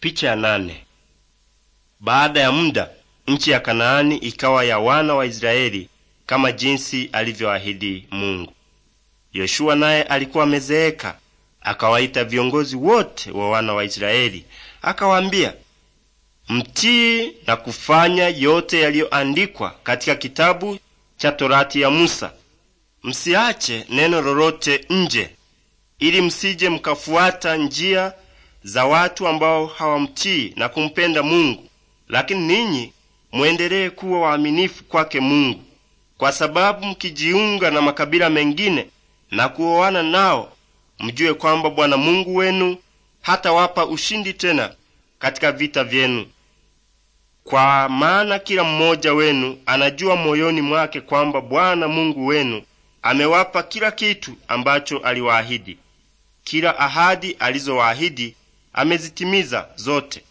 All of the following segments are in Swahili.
Picha ya nane. Baada ya muda nchi ya Kanaani ikawa ya wana wa Israeli kama jinsi alivyoahidi Mungu. Yoshua naye alikuwa amezeeka, akawaita viongozi wote wa wana wa Israeli, akawaambia, mtii na kufanya yote yaliyoandikwa katika kitabu cha Torati ya Musa, msiache neno lolote nje, ili msije mkafuata njia za watu ambao hawamtii na kumpenda Mungu, lakini ninyi mwendelee kuwa waaminifu kwake Mungu, kwa sababu mkijiunga na makabila mengine na kuoana nao, mjue kwamba Bwana Mungu wenu hatawapa ushindi tena katika vita vyenu, kwa maana kila mmoja wenu anajua moyoni mwake kwamba Bwana Mungu wenu amewapa kila kitu ambacho aliwaahidi. Kila ahadi alizowaahidi amezitimiza zote,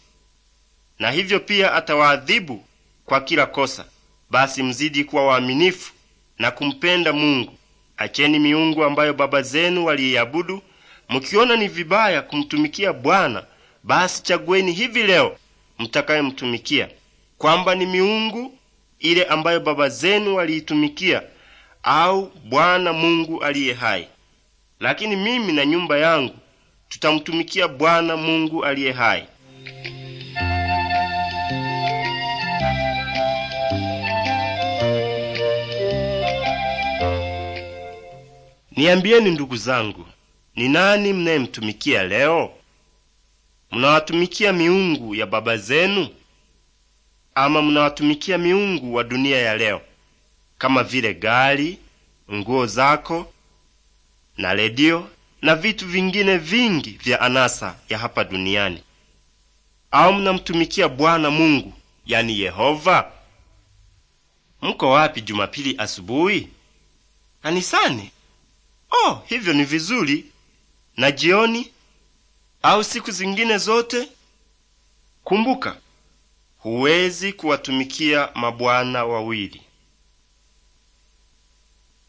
na hivyo pia atawaadhibu kwa kila kosa. Basi mzidi kuwa waaminifu na kumpenda Mungu. Acheni miungu ambayo baba zenu waliiabudu. Mkiona ni vibaya kumtumikia Bwana, basi chagueni hivi leo mtakayemtumikia, kwamba ni miungu ile ambayo baba zenu waliitumikia au Bwana Mungu aliye hai. Lakini mimi na nyumba yangu tutamtumikia Bwana Mungu aliye hai. Niambieni ndugu zangu, ni nani mnayemtumikia leo? Mnawatumikia miungu ya baba zenu, ama mnawatumikia miungu wa dunia ya leo, kama vile gari, nguo zako na redio na vitu vingine vingi vya anasa ya hapa duniani. Au mnamtumikia Bwana Mungu, yani Yehova? Mko wapi Jumapili asubuhi? Kanisani? Oh, hivyo ni vizuri. Na jioni au siku zingine zote? Kumbuka, huwezi kuwatumikia mabwana wawili.